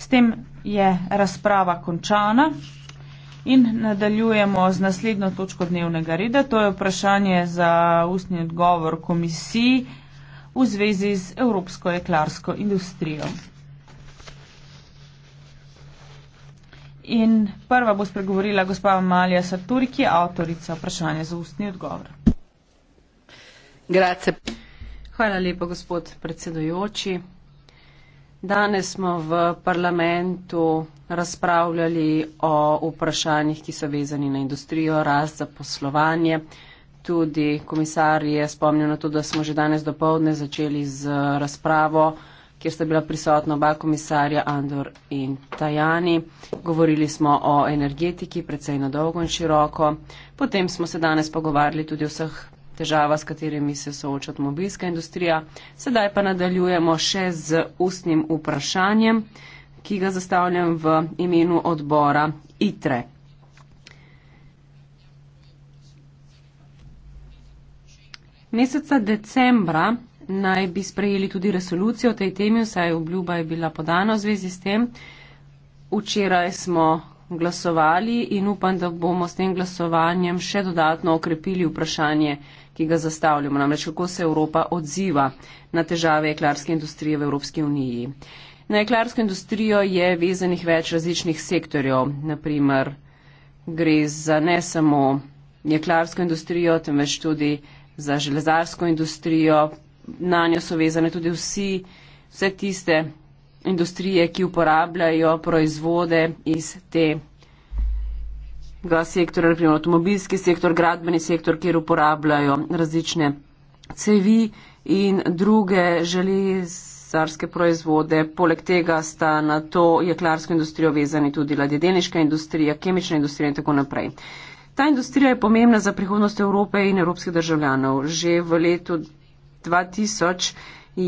S tem je razprava končana in nadaljujemo z naslednjo točko dnevnega reda. To je vprašanje za ustni odgovor komisiji v zvezi z evropsko jeklarsko industrijo. In prva bo spregovorila gospa Malja Saturi, ki je avtorica vprašanja za ustni odgovor. Grazie. Hvala lepa, gospod predsedujoči. Danes smo v parlamentu razpravljali o vprašanjih, ki so vezani na industrijo, rast za poslovanje. Tudi komisar je spomnil na to, da smo že danes do povdne začeli z razpravo, kjer sta bila prisotna oba komisarja Andor in Tajani. Govorili smo o energetiki, predvsej na dolgo in široko. Potem smo se danes pogovarjali tudi o vseh težava, s katerimi se sooča avtomobilska industrija. Sedaj pa nadaljujemo še z ustnim vprašanjem, ki ga zastavljam v imenu odbora ITRE. Meseca decembra naj bi sprejeli tudi resolucijo o tej temi, saj obljuba je bila podana v zvezi s tem. Včeraj smo glasovali in upam, da bomo s tem glasovanjem še dodatno okrepili vprašanje ki ga zastavljamo, namreč kako se Evropa odziva na težave jeklarske industrije v Evropski uniji. Na jeklarsko industrijo je vezanih več različnih sektorjev, naprimer gre za ne samo jeklarsko industrijo, temveč tudi za železarsko industrijo. Na njo so vezane tudi vsi, vse tiste industrije, ki uporabljajo proizvode iz te industrije gradbenega sektorja, naprimer avtomobilski sektor, gradbeni sektor, kjer uporabljajo različne cevi in druge železarske proizvode. Poleg tega sta na to jeklarsko industrijo vezani tudi ladjedelniška industrija, kemična industrija in tako naprej. Ta industrija je pomembna za prihodnost Evrope in evropskih državljanov. Že v letu 2000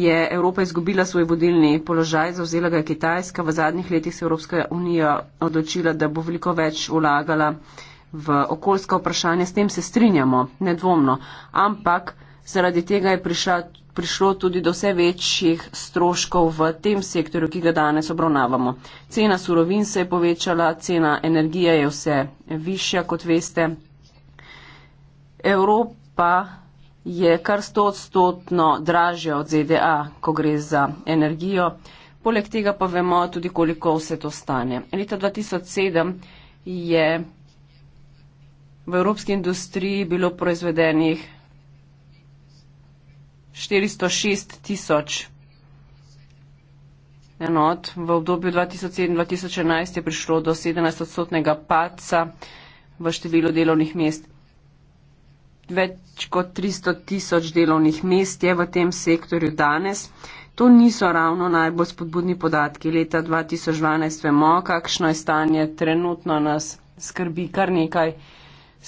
je Evropa izgubila svoj vodilni položaj, zauzela ga je Kitajska. V zadnjih letih se je Evropska unija odločila, da bo veliko več ulagala v okoljska vprašanja. S tem se strinjamo, nedvomno. Ampak zaradi tega je prišla, prišlo tudi do vse večjih stroškov v tem sektorju, ki ga danes obravnavamo. Cena surovin se je povečala, cena energije je vse višja, kot veste. Evropa je kar 100 odstotno dražja od ZDA, ko gre za energijo. Poleg tega pa vemo tudi, koliko vse to stane. Leta 2007 je v evropski industriji bilo proizvedenih 406 tisoč enot. V obdobju 2007-2011 je prišlo do 17-odstotnega paca v številu delovnih mest več kot 300 tisoč delovnih mest je v tem sektorju danes. To niso ravno najbolj spodbudni podatki. Leta 2012 vemo, kakšno je stanje. Trenutno nas skrbi kar nekaj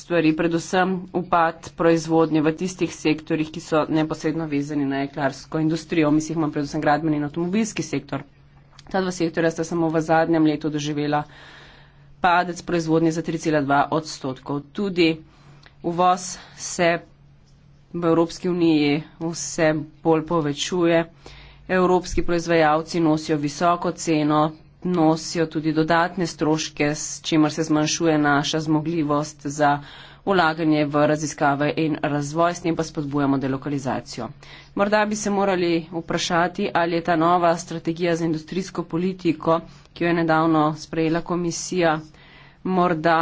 stvari, predvsem upad proizvodnje v tistih sektorjih, ki so neposredno vezani na jeklarsko industrijo. Mislim, imam predvsem gradbeni in avtomobilski sektor. Ta dva sektora sta samo v zadnjem letu doživela padec proizvodnje za 3,2 odstotkov. Tudi uvoz se v Evropski uniji vse bolj povečuje. Evropski proizvajalci nosijo visoko ceno, nosijo tudi dodatne stroške, s čimer se zmanjšuje naša zmogljivost za ulaganje v raziskave in razvoj, s tem pa spodbujamo delokalizacijo. Morda bi se morali vprašati, ali je ta nova strategija za industrijsko politiko, ki jo je nedavno sprejela komisija, morda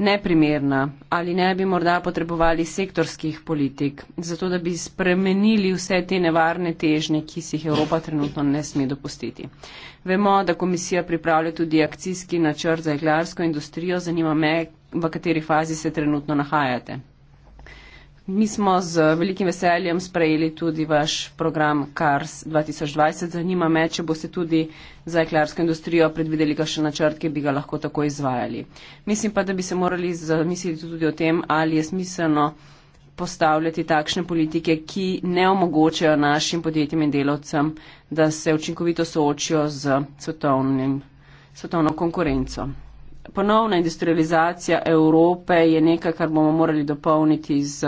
neprimerna ali ne bi morda potrebovali sektorskih politik, zato da bi spremenili vse te nevarne težnje, ki si jih Evropa trenutno ne sme dopustiti. Vemo, da komisija pripravlja tudi akcijski načrt za jeglarsko industrijo, zanima me, v kateri fazi se trenutno nahajate. Mi smo z velikim veseljem sprejeli tudi vaš program CARS 2020. Zanima me, če boste tudi za eklarsko industrijo predvideli kakšen načrt, ki bi ga lahko tako izvajali. Mislim pa, da bi se morali zamisliti tudi o tem, ali je smiselno postavljati takšne politike, ki ne omogočajo našim podjetjem in delovcem, da se učinkovito soočijo z svetovnim, svetovno konkurenco. Ponovna industrializacija Evrope je nekaj, kar bomo morali dopolniti z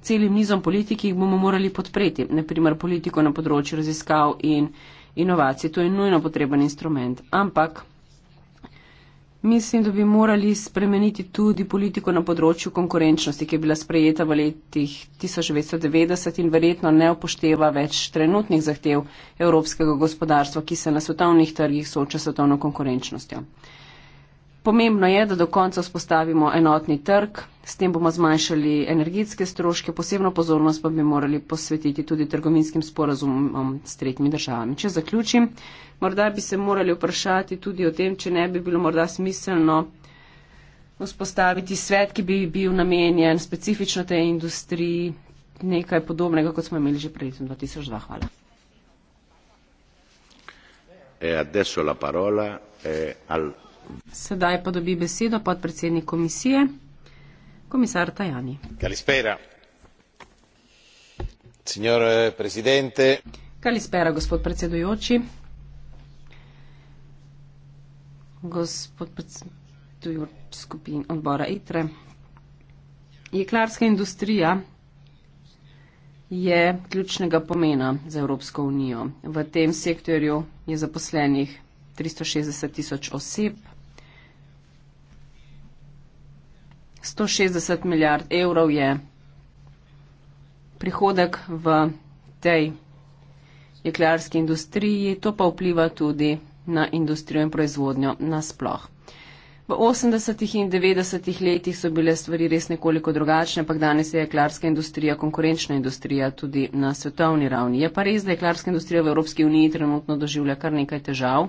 celim nizom politik, ki jih bomo morali podpreti, naprimer politiko na področju raziskav in inovacij. To je nujno potreben instrument. Ampak mislim, da bi morali spremeniti tudi politiko na področju konkurenčnosti, ki je bila sprejeta v letih 1990 in verjetno ne upošteva več trenutnih zahtev evropskega gospodarstva, ki se na svetovnih trgih sooča s svetovno konkurenčnostjo. Pomembno je, da do konca vzpostavimo enotni trg, s tem bomo zmanjšali energetske stroške, posebno pozornost pa bi morali posvetiti tudi trgovinskim sporazumom s tretjimi državami. Če zaključim, morda bi se morali vprašati tudi o tem, če ne bi bilo morda smiselno vzpostaviti svet, ki bi bil namenjen specifično tej industriji, nekaj podobnega, kot smo imeli že pred letom 2002. Hvala. E adesso la parola è eh, al Sedaj pa dobi besedo podpredsednik komisije, komisar Tajani. Kalispera. Signor presidente. Kalispera, gospod predsedujoči. Gospod predsedujoči skupin odbora ITRE. Jeklarska industrija je ključnega pomena za Evropsko unijo. V tem sektorju je zaposlenih 360 tisoč oseb, 160 milijard evrov je prihodek v tej jeklarski industriji, to pa vpliva tudi na industrijo in proizvodnjo nasploh. V 80-ih in 90-ih letih so bile stvari res nekoliko drugačne, ampak danes je jeklarska industrija konkurenčna industrija tudi na svetovni ravni. Je pa res, da jeklarska industrija v Evropski uniji trenutno doživlja kar nekaj težav.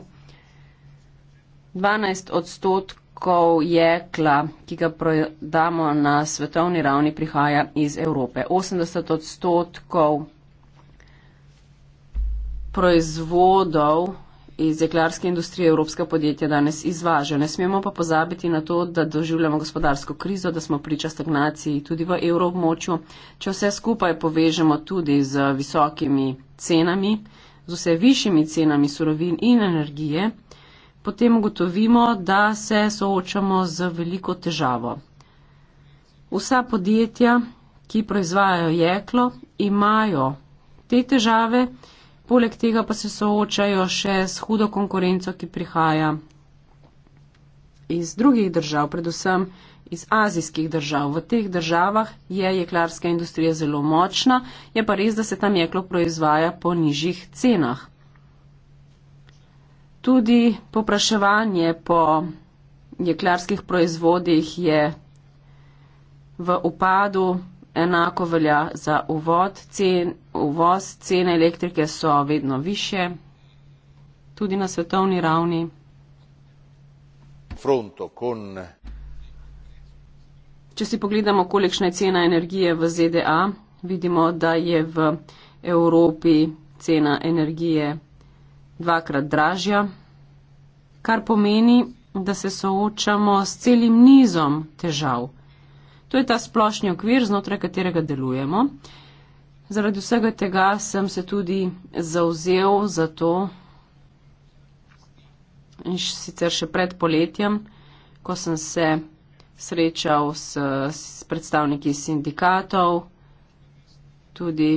12 odstotkov izdelkov jekla, ki ga prodamo na svetovni ravni, prihaja iz Evrope. 80 odstotkov proizvodov iz jeklarske industrije evropska podjetja danes izvažajo. Ne smemo pa pozabiti na to, da doživljamo gospodarsko krizo, da smo priča stagnaciji tudi v evroobmočju. Če vse skupaj povežemo tudi z visokimi cenami, z vse višjimi cenami surovin in energije, potem ugotovimo, da se soočamo z veliko težavo. Vsa podjetja, ki proizvajajo jeklo, imajo te težave, poleg tega pa se soočajo še s hudo konkurenco, ki prihaja iz drugih držav, predvsem iz azijskih držav. V teh državah je jeklarska industrija zelo močna, je pa res, da se tam jeklo proizvaja po nižjih cenah. Tudi popraševanje po jeklarskih proizvodih je v upadu, enako velja za uvod, cen, uvoz, cene elektrike so vedno više, tudi na svetovni ravni. Če si pogledamo, kolikšna je cena energije v ZDA, vidimo, da je v Evropi cena energije dvakrat dražja, kar pomeni, da se soočamo s celim nizom težav. To je ta splošni okvir, znotraj katerega delujemo. Zaradi vsega tega sem se tudi zauzel za to, in sicer še pred poletjem, ko sem se srečal s, s predstavniki sindikatov, tudi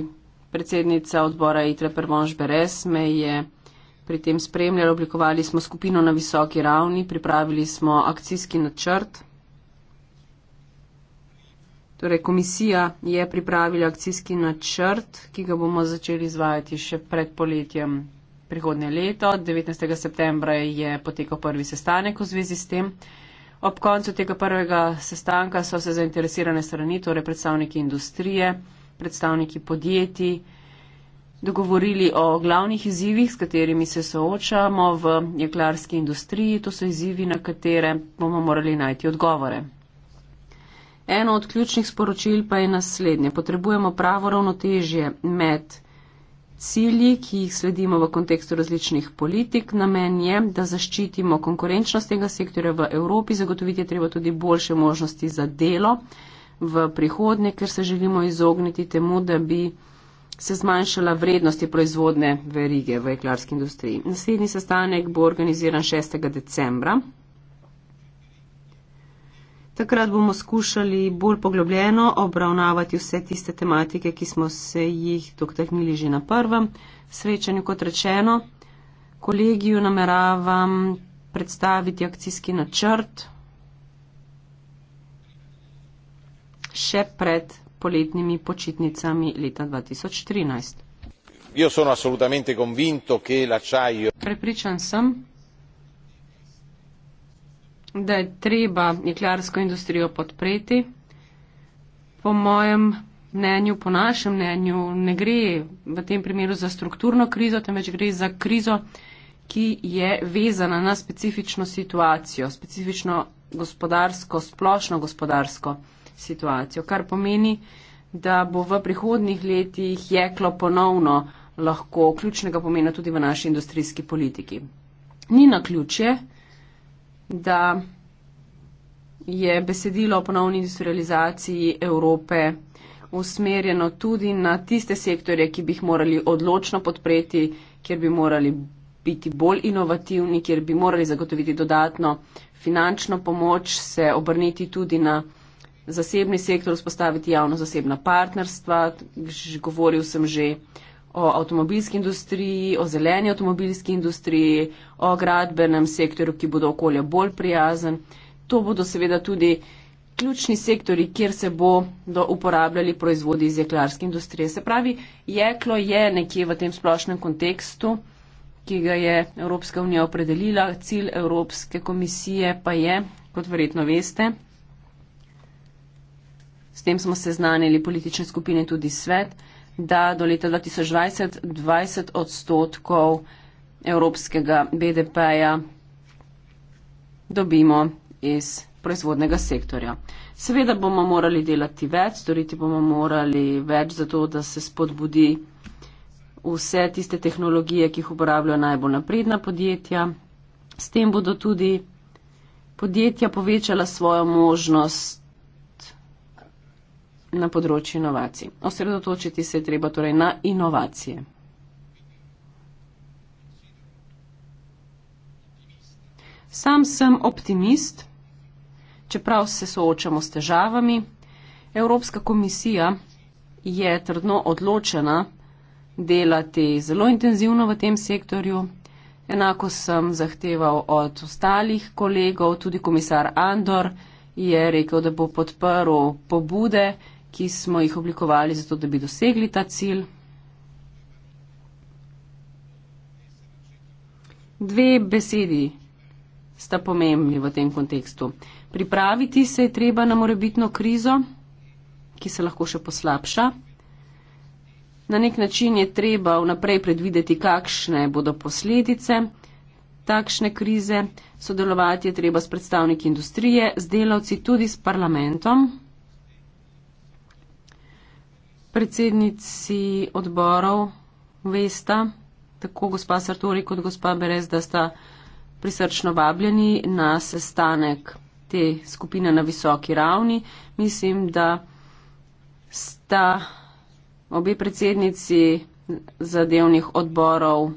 predsednica odbora Itre Prvonž Beres me je pri tem spremljali, oblikovali smo skupino na visoki ravni, pripravili smo akcijski načrt. Torej, komisija je pripravila akcijski načrt, ki ga bomo začeli izvajati še pred poletjem prihodnje leto. 19. septembra je potekal prvi sestanek v zvezi s tem. Ob koncu tega prvega sestanka so se zainteresirane strani, torej predstavniki industrije, predstavniki podjetij, dogovorili o glavnih izzivih, s katerimi se soočamo v jeklarski industriji. To so izzivi, na katere bomo morali najti odgovore. Eno od ključnih sporočil pa je naslednje. Potrebujemo pravo ravnotežje med cilji, ki jih sledimo v kontekstu različnih politik. Namen je, da zaščitimo konkurenčnost tega sektorja v Evropi, zagotoviti je treba tudi boljše možnosti za delo v prihodnje, ker se želimo izogniti temu, da bi se zmanjšala vrednosti proizvodne verige v jeklarski industriji. Naslednji sestanek bo organiziran 6. decembra. Takrat bomo skušali bolj poglobljeno obravnavati vse tiste tematike, ki smo se jih dotaknili že na prvem srečanju. Kot rečeno, kolegiju nameravam predstaviti akcijski načrt še pred poletnimi počitnicami leta 2013. Io sono assolutamente convinto che l'acciaio. Prepričan sem, da je treba jeklarsko industrijo podpreti. Po mojem mnenju, po našem mnenju, ne gre v tem primeru za strukturno krizo, temveč gre za krizo, ki je vezana na specifično situacijo, specifično gospodarsko, splošno gospodarsko situacijo, kar pomeni, da bo v prihodnih letih jeklo ponovno lahko ključnega pomena tudi v naši industrijski politiki. Ni na ključje, da je besedilo o ponovni industrializaciji Evrope usmerjeno tudi na tiste sektorje, ki bi jih morali odločno podpreti, kjer bi morali biti bolj inovativni, kjer bi morali zagotoviti dodatno finančno pomoč, se obrniti tudi na zasebni sektor, vzpostaviti javno-zasebna partnerstva. Govoril sem že o avtomobilski industriji, o zeleni avtomobilski industriji, o gradbenem sektorju, ki bodo okolje bolj prijazen. To bodo seveda tudi ključni sektori, kjer se bodo uporabljali proizvodi iz jeklarske industrije. Se pravi, jeklo je nekje v tem splošnem kontekstu, ki ga je Evropska unija opredelila. Cilj Evropske komisije pa je, kot verjetno veste, s tem smo seznanili politične skupine tudi svet, da do leta 2020 20 odstotkov evropskega BDP-ja dobimo iz proizvodnega sektorja. Seveda bomo morali delati več, storiti bomo morali več za to, da se spodbudi vse tiste tehnologije, ki jih uporabljajo najbolj napredna podjetja. S tem bodo tudi podjetja povečala svojo možnost na področju inovacij. Osredotočiti se je treba torej na inovacije. Sam sem optimist, čeprav se soočamo s težavami. Evropska komisija je trdno odločena delati zelo intenzivno v tem sektorju. Enako sem zahteval od ostalih kolegov, tudi komisar Andor je rekel, da bo podprl pobude ki smo jih oblikovali zato, da bi dosegli ta cilj. Dve besedi sta pomembni v tem kontekstu. Pripraviti se je treba na morebitno krizo, ki se lahko še poslabša. Na nek način je treba vnaprej predvideti, kakšne bodo posledice takšne krize. Sodelovati je treba s predstavniki industrije, z delavci, tudi s parlamentom. Predsednici odborov Vesta, tako gospa Sartori kot gospa Berez, da sta prisrčno vabljeni na sestanek te skupine na visoki ravni. Mislim, da sta obe predsednici zadevnih odborov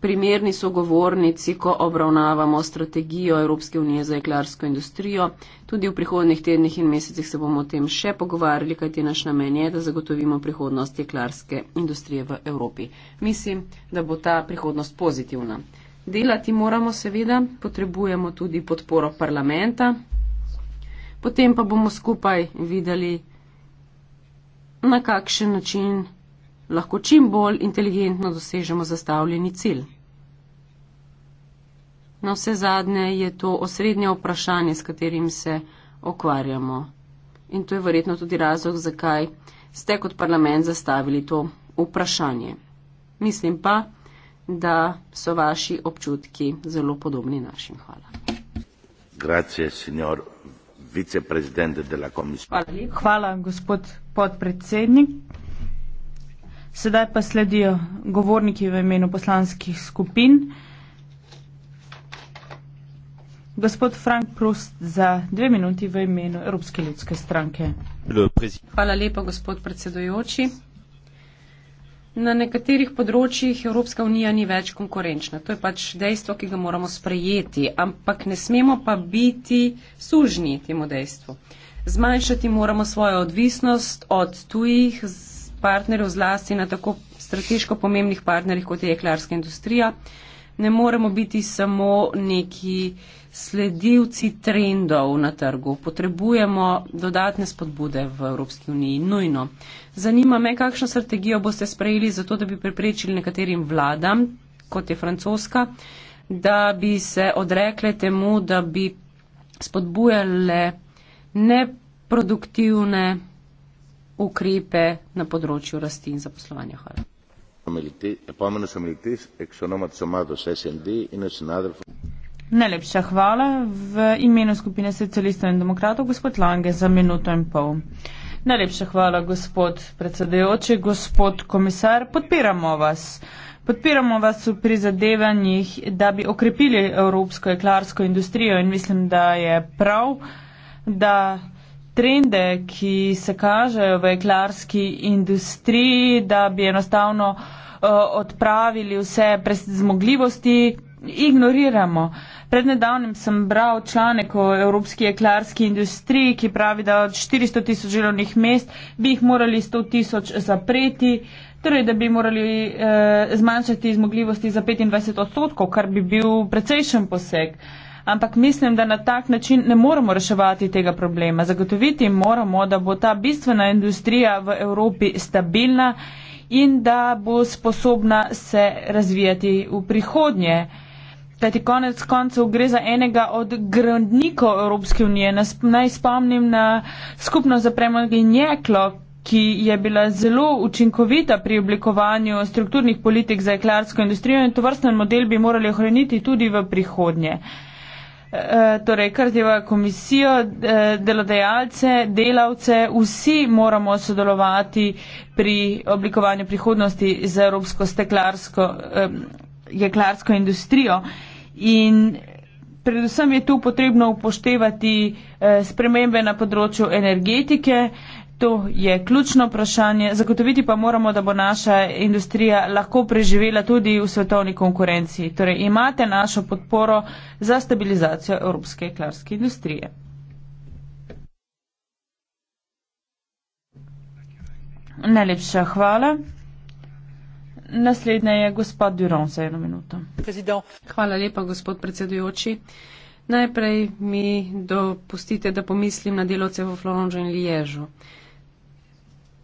primerni sogovornici, ko obravnavamo strategijo Evropske unije za jeklarsko industrijo. Tudi v prihodnih tednih in mesecih se bomo o tem še pogovarjali, kajti naš namen je, da zagotovimo prihodnost jeklarske industrije v Evropi. Mislim, da bo ta prihodnost pozitivna. Delati moramo seveda, potrebujemo tudi podporo parlamenta. Potem pa bomo skupaj videli, na kakšen način lahko čim bolj inteligentno dosežemo zastavljeni cilj. Na no, vse zadnje je to osrednje vprašanje, s katerim se okvarjamo. In to je verjetno tudi razlog, zakaj ste kot parlament zastavili to vprašanje. Mislim pa, da so vaši občutki zelo podobni našim. Hvala. Grazie, signor viceprezidente della komisije. Hvala, gospod podpredsednik. Sedaj pa sledijo govorniki v imenu poslanskih skupin. Gospod Frank Prost za dve minuti v imenu Evropske ljudske stranke. Hvala lepa, gospod predsedujoči. Na nekaterih področjih Evropska unija ni več konkurenčna. To je pač dejstvo, ki ga moramo sprejeti, ampak ne smemo pa biti sužni temu dejstvu. Zmanjšati moramo svojo odvisnost od tujih. Z partnerjev, zlasti na tako strateško pomembnih partnerjih, kot je jeklarska industrija, ne moremo biti samo neki sledilci trendov na trgu. Potrebujemo dodatne spodbude v Evropski uniji, nujno. Zanima me, kakšno strategijo boste sprejeli za to, da bi preprečili nekaterim vladam, kot je francoska, da bi se odrekle temu, da bi spodbujale neproduktivne ukrepe na področju rasti in zaposlovanja. Hvala. Najlepša hvala v imenu skupine socialistov in demokratov, gospod Lange, za minuto in pol. Najlepša hvala, gospod predsedujoči, gospod komisar. Podpiramo vas. Podpiramo vas v prizadevanjih, da bi okrepili evropsko jeklarsko industrijo in mislim, da je prav, da trende, ki se kažejo v eklarski industriji, da bi enostavno eh, odpravili vse zmogljivosti, ignoriramo. Pred nedavnim sem bral članek o evropski eklarski industriji, ki pravi, da od 400 tisoč želovnih mest bi jih morali 100 tisoč zapreti, torej da bi morali eh, zmanjšati zmogljivosti za 25 odstotkov, kar bi bil precejšen poseg. Eh, ampak mislim, da na tak način ne moramo reševati tega problema. Zagotoviti moramo, da bo ta bistvena industrija v Evropi stabilna in da bo sposobna se razvijati v prihodnje. Kajti konec koncev gre za enega od grandnikov Evropske unije. Nas, naj spomnim na skupno zapremljanje jeklo, ki je bila zelo učinkovita pri oblikovanju strukturnih politik za jeklarsko industrijo in to vrsten model bi morali ohraniti tudi v prihodnje. Uh, Eh, torej kar zdaj v komisijo, eh, delodajalce, delavce, vsi moramo sodelovati pri oblikovanju prihodnosti z evropsko steklarsko, eh, jeklarsko industrijo. In predvsem je tu potrebno upoštevati spremembe na področju energetike. To je ključno vprašanje. Zagotoviti pa moramo, da bo naša industrija lahko preživela tudi v svetovni konkurenci. Torej imate našo podporo za stabilizacijo evropske klarske industrije. Najlepša hvala. Naslednja je gospod Duron za eno minuto. Hvala lepa, gospod predsedujoči. Najprej mi dopustite, da pomislim na delovce v Florenžu in Liježu.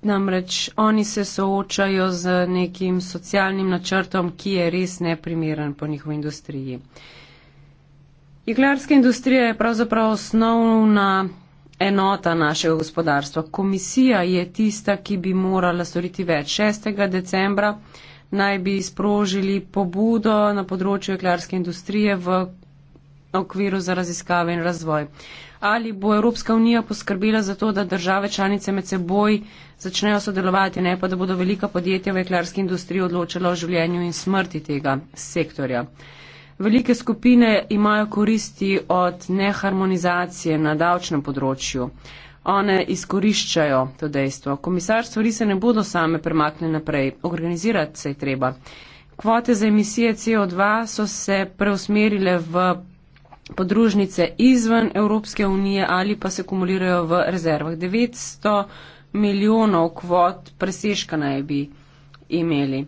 Namreč oni se soočajo z nekim socialnim načrtom, ki je res neprimeren po njihovi industriji. Jeklarska industrija je pravzaprav osnovna enota našega gospodarstva. Komisija je tista, ki bi morala storiti več. 6. decembra naj bi sprožili pobudo na področju jeklarske industrije v okviru za raziskave in razvoj ali bo Evropska unija poskrbela za to, da države članice med seboj začnejo sodelovati, ne pa da bodo velika podjetja v jeklarski industriji odločala o življenju in smrti tega sektorja. Velike skupine imajo koristi od neharmonizacije na davčnem področju. One izkoriščajo to dejstvo. Komisar, stvari se ne bodo same premaknile naprej, organizirati se je treba. Kvote za emisije CO2 so se preusmerile v podružnice izven Evropske unije ali pa se kumulirajo v rezervah. 900 milijonov kvot preseška naj bi imeli.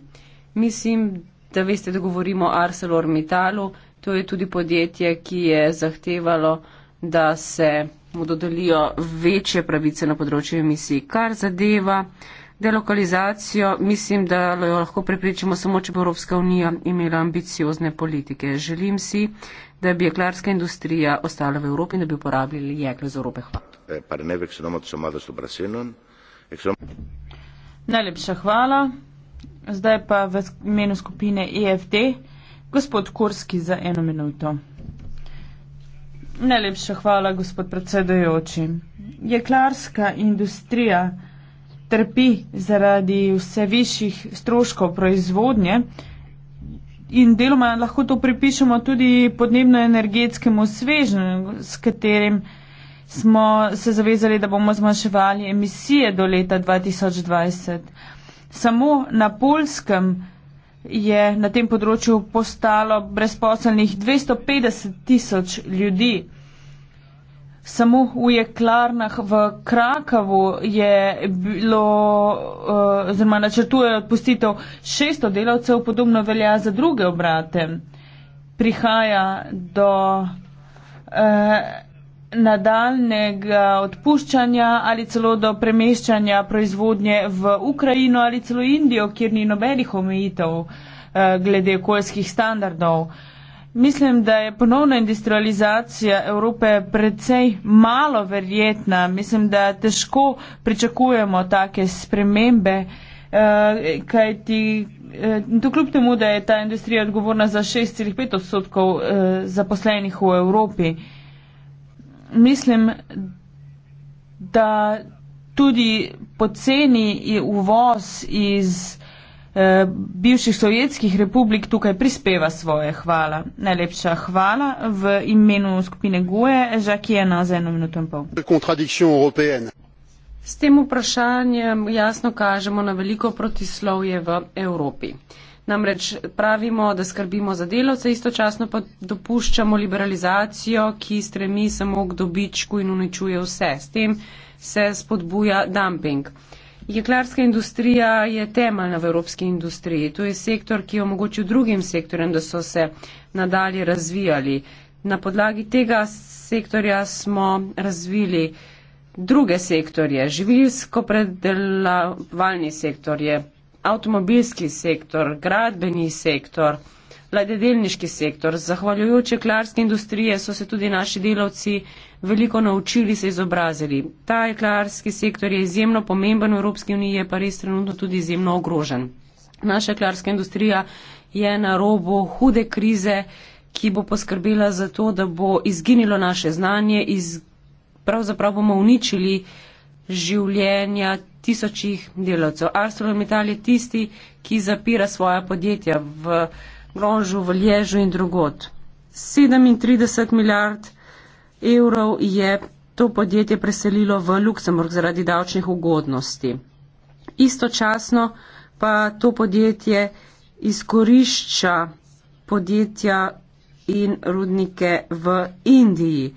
Mislim, da veste, da govorimo o ArcelorMittalu, to je tudi podjetje, ki je zahtevalo, da se mu dodelijo večje pravice na področju emisij, kar zadeva. Delokalizacijo mislim, da jo lahko prepričamo samo, če bo Evropska unija imela ambiciozne politike. Želim si, da bi jeklarska industrija ostala v Evropi in da bi uporabljali jeklo iz Evrope. Eh, Najlepša hvala. Zdaj pa v imenu skupine EFD, gospod Kurski za eno minuto. Najlepša hvala, gospod predsedojoči. Jeklarska industrija trpi zaradi vse višjih stroškov proizvodnje. In deloma lahko to pripišemo tudi podnebno-energetskemu svežnju, s katerim smo se zavezali, da bomo zmanjševali emisije do leta 2020. Samo na polskem je na tem področju postalo brezposelnih 250 tisoč ljudi. Samo v jeklarnah v Krakavu je bilo, eh, oziroma načrtujejo odpustitev 600 delavcev, podobno velja za druge obrate. Prihaja do eh, nadaljnega odpuščanja ali celo do premeščanja proizvodnje v Ukrajino ali celo Indijo, kjer ni nobenih omejitev eh, glede okoljskih standardov. Eh, Mislim, da je ponovna industrializacija Evrope precej malo verjetna. Mislim, da težko pričakujemo take spremembe, eh, kaj ti, eh, to kljub temu, da je ta industrija odgovorna za 6,5 odstotkov eh, zaposlenih v Evropi. Mislim, da tudi poceni uvoz iz bivših sovjetskih republik tukaj prispeva svoje. Hvala. Najlepša hvala v imenu skupine GUE. E, Žak je na za eno minuto in pol. S tem vprašanjem jasno kažemo na veliko protislovje v Evropi. Namreč pravimo, da skrbimo za delovce, istočasno pa dopuščamo liberalizacijo, ki stremi samo k dobičku in uničuje vse. S tem se spodbuja dumping. Jeklarska industrija je temeljna v evropski industriji. To je sektor, ki je omogočil drugim sektorjem, da so se nadalje razvijali. Na podlagi tega sektorja smo razvili druge sektorje. Živilsko predelovalni sektor je avtomobilski sektor, gradbeni sektor, ladedelniški sektor. Zahvaljujoč jeklarske industrije so se tudi naši delavci veliko naučili, se izobrazili. Ta jeklarski sektor je izjemno pomemben v Evropski uniji, je pa res trenutno tudi izjemno ogrožen. Naša jeklarska industrija je na robu hude krize, ki bo poskrbela za to, da bo izginilo naše znanje, iz... pravzaprav bomo uničili življenja tisočih delavcev. ArcelorMittal je tisti, ki zapira svoja podjetja v Gronžu, v Lježu in drugot. 37 milijard evrov je to podjetje preselilo v Luksemburg zaradi davčnih ugodnosti. Istočasno pa to podjetje izkorišča podjetja in rudnike v Indiji.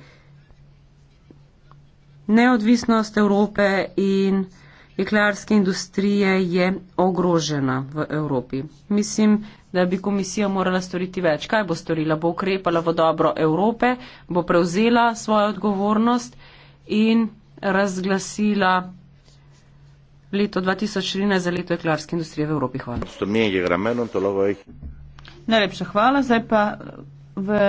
Neodvisnost Evrope in jeklarske industrije je ogrožena v Evropi. Mislim, da bi komisija morala storiti več. Kaj bo storila? Bo ukrepala v dobro Evrope, bo prevzela svojo odgovornost in razglasila leto 2013 za leto jeklarske industrije v Evropi. Hvala. Najlepša hvala. Zdaj pa v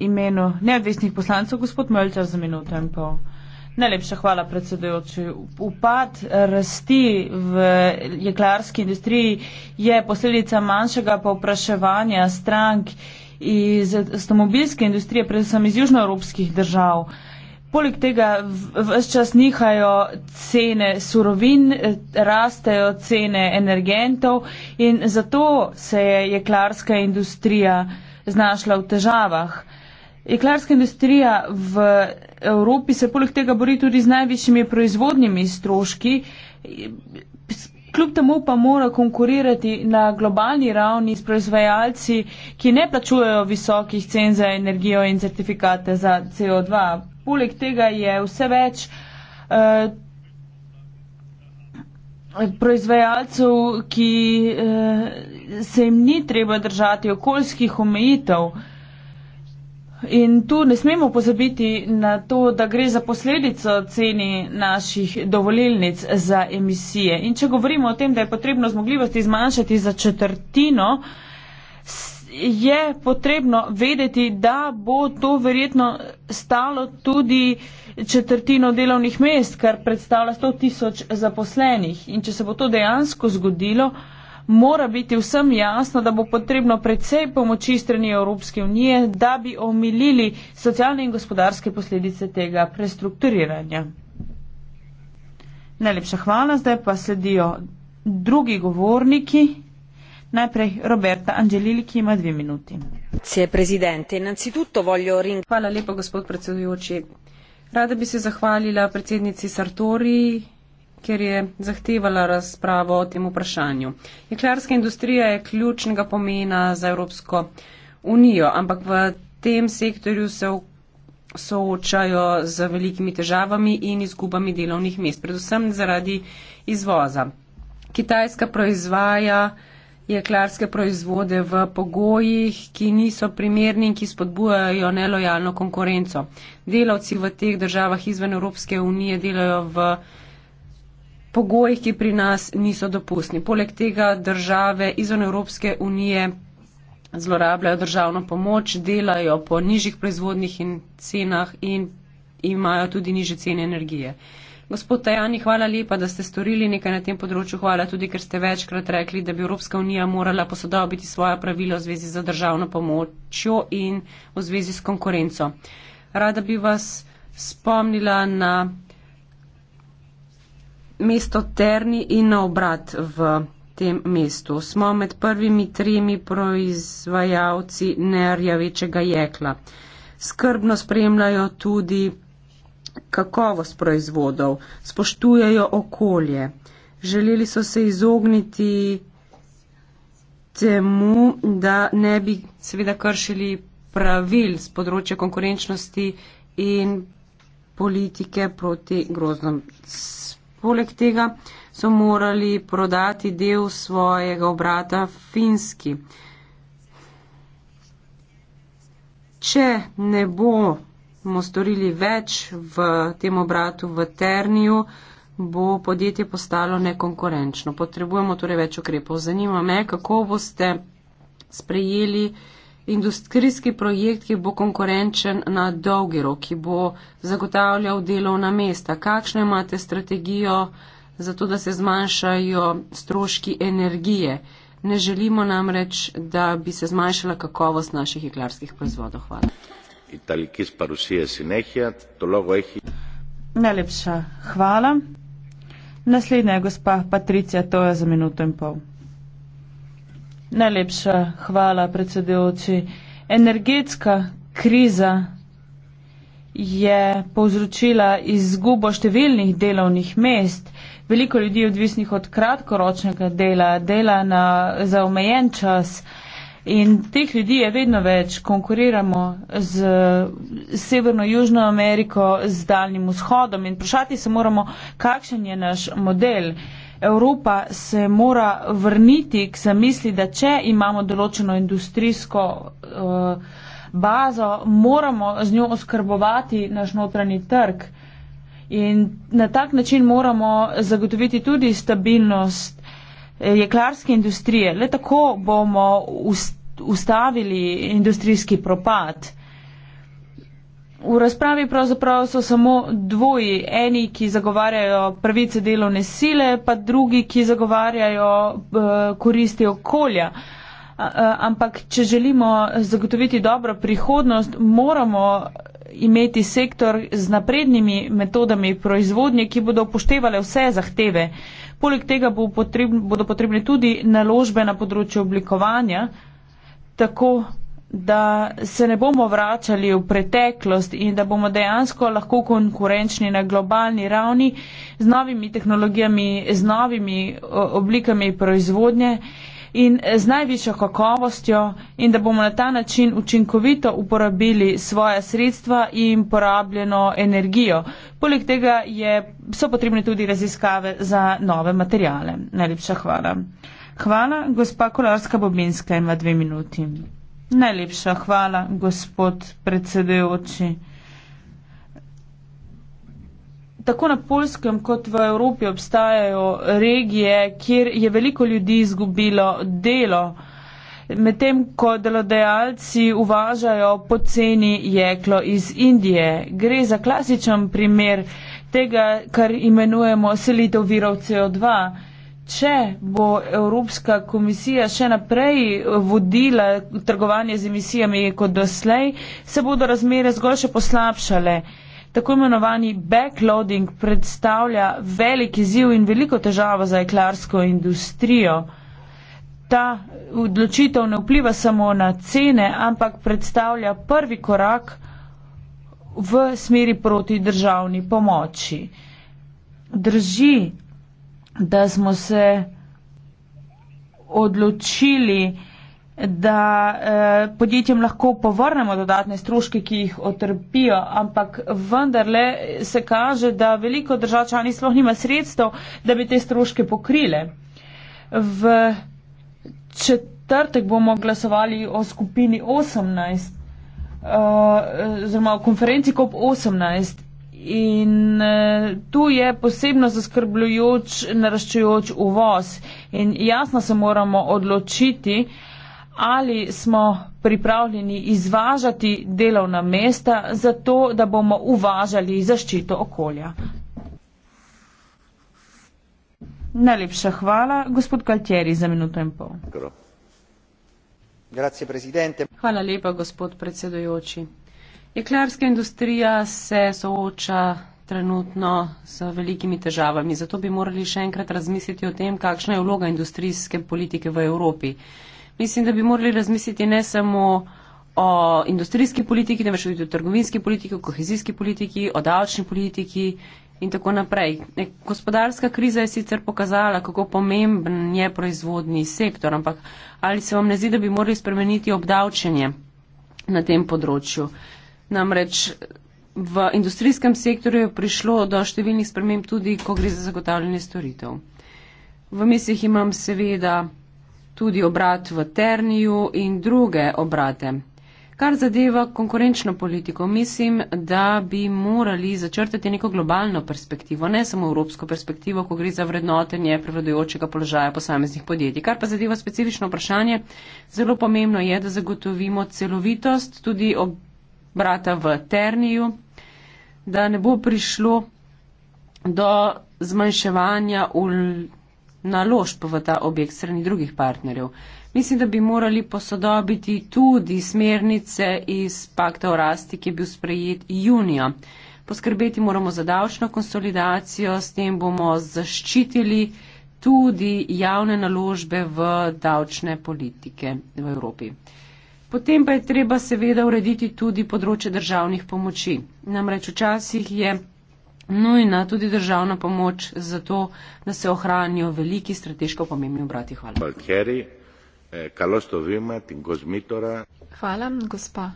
imenu neodvisnih poslancev, gospod Mölčar, za minuto in pol. Najlepša hvala, predsedujoči. Upad rasti v jeklarski industriji je posledica manjšega povpraševanja strank iz avtomobilske industrije, predvsem iz južnoevropskih držav. Poleg tega vse čas nihajo cene surovin, rastejo cene energentov in zato se je jeklarska industrija znašla v težavah. Jeklarska industrija v Evropi se poleg tega bori tudi z največjimi proizvodnimi stroški. Kljub temu pa mora konkurirati na globalni ravni s proizvajalci, ki ne plačujejo visokih cen za energijo in certifikate za CO2. Poleg tega je vse več eh, proizvajalcev, ki eh, se jim ni treba držati okoljskih omejitev. Eh, In tu ne smemo pozabiti na to, da gre za posledico ceni naših dovolilnic za emisije. In če govorimo o tem, da je potrebno zmogljivosti zmanjšati za četrtino, je potrebno vedeti, da bo to verjetno stalo tudi četrtino delovnih mest, kar predstavlja 100 tisoč zaposlenih. In če se bo to dejansko zgodilo, mora biti vsem jasno, da bo potrebno predvsej pomoči strani Evropske unije, da bi omilili socialne in gospodarske posledice tega prestrukturiranja. Najlepša hvala, zdaj pa sledijo drugi govorniki. Najprej Roberta Angelili, ki ima dve minuti. Hvala lepa, gospod predsedujoči. Rada bi se zahvalila predsednici Sartoriji kjer je zahtevala razpravo o tem vprašanju. Jeklarska industrija je ključnega pomena za Evropsko unijo, ampak v tem sektorju se soočajo z velikimi težavami in izgubami delovnih mest, predvsem zaradi izvoza. Kitajska proizvaja jeklarske proizvode v pogojih, ki niso primerni in ki spodbujajo nelojalno konkurenco. Delavci v teh državah izven Evropske unije delajo v pogoji, ki pri nas niso dopustni. Poleg tega države izven Evropske unije zlorabljajo državno pomoč, delajo po nižjih proizvodnih in cenah in imajo tudi niže cene energije. Gospod Tajani, hvala lepa, da ste storili nekaj na tem področju. Hvala tudi, ker ste večkrat rekli, da bi Evropska unija morala posodobiti svoja pravila v zvezi z državno pomočjo in v zvezi s konkurenco. Rada bi vas spomnila na mesto Terni in na obrat v tem mestu. Smo med prvimi tremi proizvajalci nerjavečega jekla. Skrbno spremljajo tudi kakovost proizvodov, spoštujejo okolje. Želeli so se izogniti temu, da ne bi seveda kršili pravil z področja konkurenčnosti in politike proti groznom spremljanju. Poleg tega so morali prodati del svojega obrata finski. Če ne bomo storili več v tem obratu v Terniju, bo podjetje postalo nekonkurenčno. Potrebujemo torej več ukrepov. Zanima me, kako boste sprejeli industrijski projekt, ki bo konkurenčen na dolgi rok, ki bo zagotavljal delovna mesta. Kakšno imate strategijo za to, da se zmanjšajo stroški energije? Ne želimo namreč, da bi se zmanjšala kakovost naših jeklarskih proizvodov. Hvala. Najlepša hvala. Naslednja je gospa Patricija, to je za minuto in pol. Najlepša hvala, predsedujoči. Energetska kriza je povzročila izgubo številnih delovnih mest. Veliko ljudi je odvisnih od kratkoročnega dela, dela na, za omejen čas. In teh ljudi je vedno več. Konkuriramo z Severno-Južno Ameriko, z Daljnim vzhodom. In vprašati se moramo, kakšen je naš model. Evropa se mora vrniti k zamisli, da če imamo določeno industrijsko uh, bazo, moramo z njo oskrbovati naš notranji trg. In na tak način moramo zagotoviti tudi stabilnost eh, jeklarske industrije. Le tako bomo ustavili industrijski propad. V razpravi pravzaprav so samo dvoji, eni, ki zagovarjajo pravice delovne sile, pa drugi, ki zagovarjajo uh, koristi okolja. Ampak, če želimo zagotoviti dobro prihodnost, moramo imeti sektor z naprednimi metodami proizvodnje, ki bodo upoštevale vse zahteve. Poleg tega bo potrebn, bodo potrebne tudi naložbe na področju oblikovanja, tako da se ne bomo vračali v preteklost in da bomo dejansko lahko konkurenčni na globalni ravni z novimi tehnologijami, z novimi oblikami proizvodnje in z najvišjo kakovostjo in da bomo na ta način učinkovito uporabili svoja sredstva in porabljeno energijo. Poleg tega je, so potrebne tudi raziskave za nove materijale. Najlepša hvala. Hvala, gospa Kolarska Bobinska ima dve minuti. Najlepša hvala, gospod predsedujoči. Tako na Polskem kot v Evropi obstajajo regije, kjer je veliko ljudi izgubilo delo. Medtem, ko delodajalci uvažajo poceni jeklo iz Indije, gre za klasičen primer tega, kar imenujemo selitev virov CO2 če bo Evropska komisija še naprej vodila trgovanje z emisijami kot doslej, se bodo razmere zgolj še poslabšale. Tako imenovani backloading predstavlja velik izziv in veliko težavo za eklarsko industrijo. Ta odločitev ne vpliva samo na cene, ampak predstavlja prvi korak v smeri proti državni pomoči. Drži, da smo se odločili, da eh, podjetjem lahko povrnemo dodatne stroške, ki jih otrpijo, ampak vendarle se kaže, da veliko držav članic sploh nima sredstev, da bi te stroške pokrile. V četrtek bomo glasovali o skupini 18, eh, oziroma o konferenci COP18 In uh, tu je posebno zaskrbljujoč naraščajoč uvoz. In jasno se moramo odločiti, ali smo pripravljeni izvažati delovna mesta za to, da bomo uvažali zaščito okolja. Najlepša hvala, gospod Kaltjeri, za minuto in pol. Hvala lepa, gospod predsedujoči. Jeklarska industrija se sooča trenutno z velikimi težavami, zato bi morali še enkrat razmisliti o tem, kakšna je vloga industrijske politike v Evropi. Mislim, da bi morali razmisliti ne samo o industrijski politiki, temveč tudi o trgovinski politiki, o kohezijski politiki, o davčni politiki in tako naprej. E, gospodarska kriza je sicer pokazala, kako pomemben je proizvodni sektor, ampak ali se vam ne zdi, da bi morali spremeniti obdavčenje na tem področju? Namreč v industrijskem sektorju je prišlo do številnih sprememb tudi, ko gre za zagotavljanje storitev. V mislih imam seveda tudi obrat v Terniju in druge obrate. Kar zadeva konkurenčno politiko, mislim, da bi morali začrtati neko globalno perspektivo, ne samo evropsko perspektivo, ko gre za vrednotenje prevladojočega položaja posameznih podjetij. Kar pa zadeva specifično vprašanje, zelo pomembno je, da zagotovimo celovitost tudi ob brata v Terniju, da ne bo prišlo do zmanjševanja naložb v ta objekt strani drugih partnerjev. Mislim, da bi morali posodobiti tudi smernice iz pakta o rasti, ki je bil sprejet junija. Poskrbeti moramo za davčno konsolidacijo, s tem bomo zaščitili tudi javne naložbe v davčne politike v Evropi. Potem pa je treba seveda urediti tudi področje državnih pomoči. Namreč včasih je nujna tudi državna pomoč za to, da se ohranijo veliki strateško pomembni obrati. Hvala. Eh, Hvala, gospa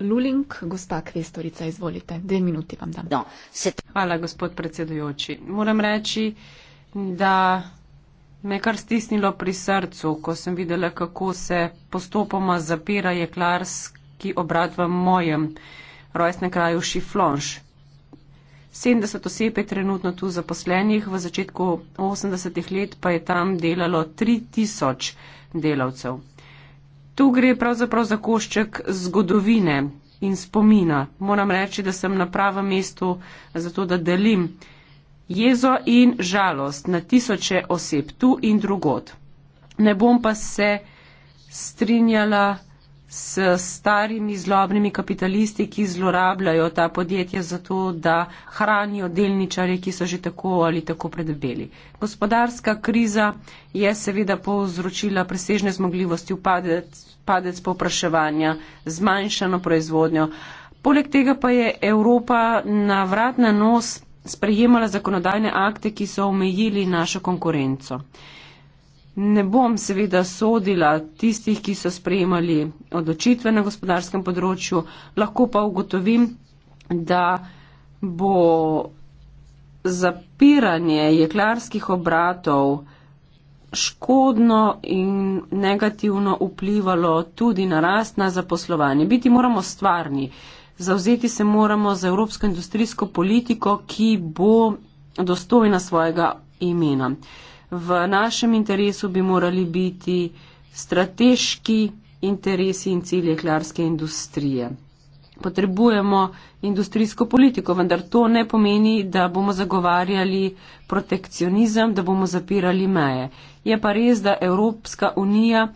Luling. Gospa Kvestorica, izvolite. Dve minuti vam dam. No, Hvala, gospod predsedujoči. Moram reči, da Me je kar stisnilo pri srcu, ko sem videla, kako se postopoma zapira jeklarski obrat v mojem rojstnem kraju Šiflonš. 70 oseb je trenutno tu zaposlenih, v začetku 80-ih let pa je tam delalo 3000 delavcev. Tu gre pravzaprav za košček zgodovine in spomina. Moram reči, da sem na pravem mestu zato, da delim jezo in žalost na tisoče oseb tu in drugod. Ne bom pa se strinjala s starimi zlobnimi kapitalisti, ki zlorabljajo ta podjetja zato, da hranijo delničarje, ki so že tako ali tako predebeli. Gospodarska kriza je seveda povzročila presežne zmogljivosti, upadec, upadec popraševanja, zmanjšano proizvodnjo. Poleg tega pa je Evropa na vrat na nos sprejemala zakonodajne akte, ki so omejili našo konkurenco. Ne bom seveda sodila tistih, ki so sprejemali odločitve na gospodarskem področju, lahko pa ugotovim, da bo zapiranje jeklarskih obratov škodno in negativno vplivalo tudi na rast na zaposlovanje. Biti moramo stvarni zauzeti se moramo za evropsko industrijsko politiko, ki bo dostojna svojega imena. V našem interesu bi morali biti strateški interesi in cilje klarske industrije. Potrebujemo industrijsko politiko, vendar to ne pomeni, da bomo zagovarjali protekcionizem, da bomo zapirali meje. Je pa res, da Evropska unija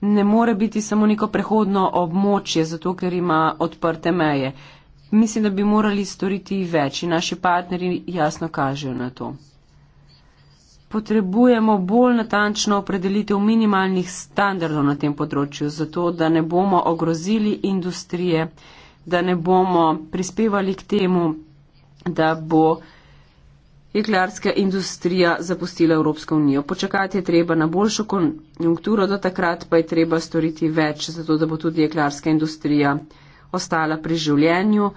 ne more biti samo neko prehodno območje, zato ker ima odprte meje. Mislim, da bi morali storiti več in naši partneri jasno kažejo na to. Potrebujemo bolj natančno opredelitev minimalnih standardov na tem področju, zato da ne bomo ogrozili industrije, da ne bomo prispevali k temu, da bo jeklarska industrija zapustila Evropsko unijo. Počakati je treba na boljšo konjunkturo, do takrat pa je treba storiti več, zato da bo tudi jeklarska industrija ostala pri življenju.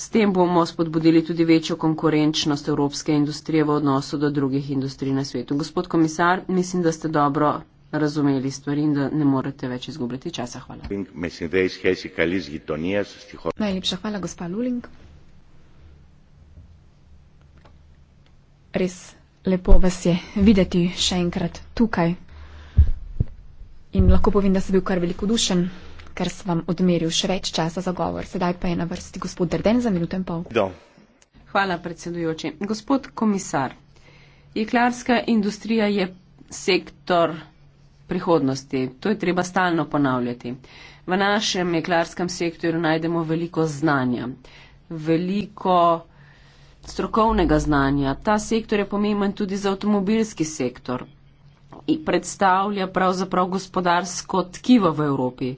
S tem bomo spodbudili tudi večjo konkurenčnost evropske industrije v odnosu do drugih industrij na svetu. Gospod komisar, mislim, da ste dobro razumeli stvari in da ne morete več izgubljati časa. Hvala. Najlepša hvala, gospa Luling. res lepo vas je videti še enkrat tukaj. In lahko povem, da sem bil kar velikodušen, ker sem vam odmeril še več časa za govor. Sedaj pa je na vrsti gospod Drden za minuto in pol. Do. Hvala, predsedujoči. Gospod komisar, jeklarska industrija je sektor prihodnosti. To je treba stalno ponavljati. V našem jeklarskem sektorju najdemo veliko znanja, veliko strokovnega znanja. Ta sektor je pomemben tudi za avtomobilski sektor in predstavlja pravzaprav gospodarsko tkivo v Evropi.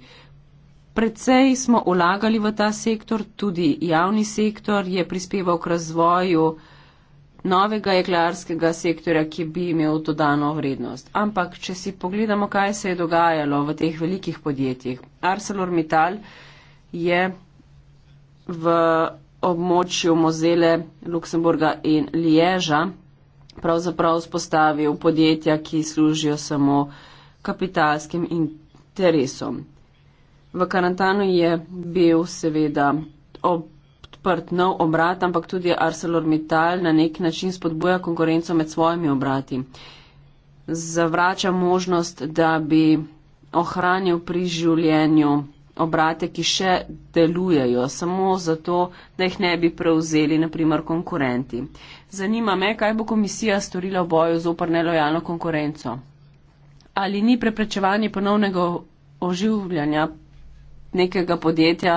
Predvsej smo ulagali v ta sektor, tudi javni sektor je prispeval k razvoju novega jeklarskega sektorja, ki bi imel dodano vrednost. Ampak, če si pogledamo, kaj se je dogajalo v teh velikih podjetjih, ArcelorMittal je v območju Mozele, Luksemburga in Liježa pravzaprav vzpostavil podjetja, ki služijo samo kapitalskim interesom. V karantanu je bil seveda odprt nov obrat, ampak tudi ArcelorMittal na nek način spodbuja konkurenco med svojimi obrati. Zavrača možnost, da bi ohranil pri življenju obrate, ki še delujejo, samo zato, da jih ne bi prevzeli, naprimer, konkurenti. Zanima me, kaj bo komisija storila v boju z opor nelojalno konkurenco. Ali ni preprečevanje ponovnega oživljanja nekega podjetja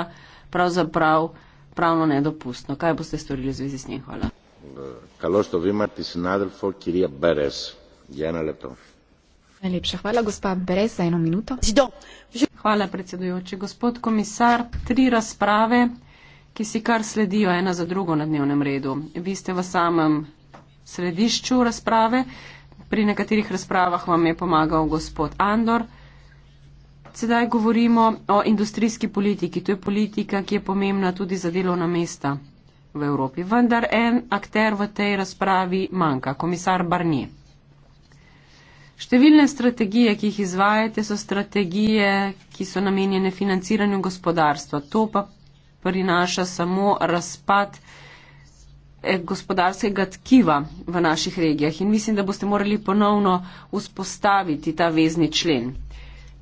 pravzaprav pravno nedopustno? Kaj boste storili v zvezi s njim? Hvala. Kalošto, vi imate sinadrfo, ki je brez, je na leto. Najlepša hvala, gospa Brez, za eno minuto. Hvala, predsedujoči. Gospod komisar, tri razprave, ki si kar sledijo ena za drugo na dnevnem redu. Vi ste v samem središču razprave, pri nekaterih razpravah vam je pomagal gospod Andor. Sedaj govorimo o industrijski politiki. To je politika, ki je pomembna tudi za delovna mesta v Evropi. Vendar en akter v tej razpravi manjka, komisar Barnier. Številne strategije, ki jih izvajate, so strategije, ki so namenjene financiranju gospodarstva. To pa prinaša samo razpad eh, gospodarskega tkiva v naših regijah in mislim, da boste morali ponovno vzpostaviti ta vezni člen.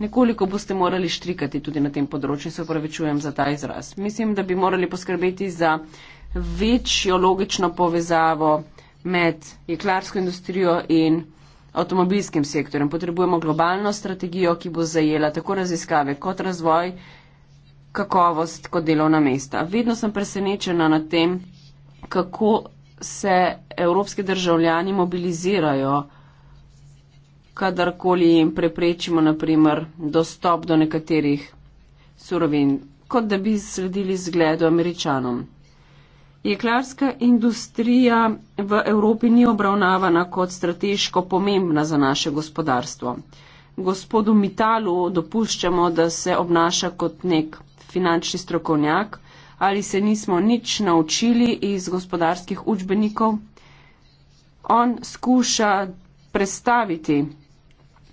Nekoliko boste morali štrikati tudi na tem področju, se upravičujem za ta izraz. Mislim, da bi morali poskrbeti za večjo logično povezavo med jeklarsko industrijo in avtomobilskim sektorjem. Potrebujemo globalno strategijo, ki bo zajela tako raziskave kot razvoj, kakovost kot delovna mesta. Vedno sem presenečena nad tem, kako se evropski državljani mobilizirajo, kadarkoli jim preprečimo, naprimer, dostop do nekaterih surovin, kot da bi sledili zgledu američanom. Jeklarska industrija v Evropi ni obravnavana kot strateško pomembna za naše gospodarstvo. Gospodu Mitalu dopuščamo, da se obnaša kot nek finančni strokovnjak ali se nismo nič naučili iz gospodarskih učbenikov. On skuša predstaviti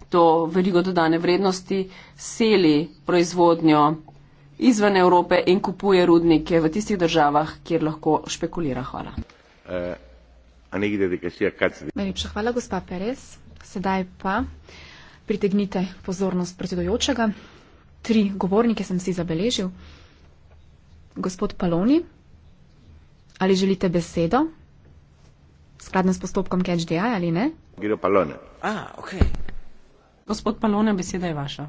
to verigo dodane vrednosti, seli proizvodnjo izven Evrope in kupuje rudnike v tistih državah, kjer lahko špekulira. Hvala. Eh, Najlepša hvala, gospa Perez. Sedaj pa pritegnite pozornost predsedojočega. Tri govornike sem si zabeležil. Gospod Paloni, ali želite besedo? Skladno s postopkom KHDI ali ne? Gre pa Lone. Ah, okay. Gospod Palone, beseda je vaša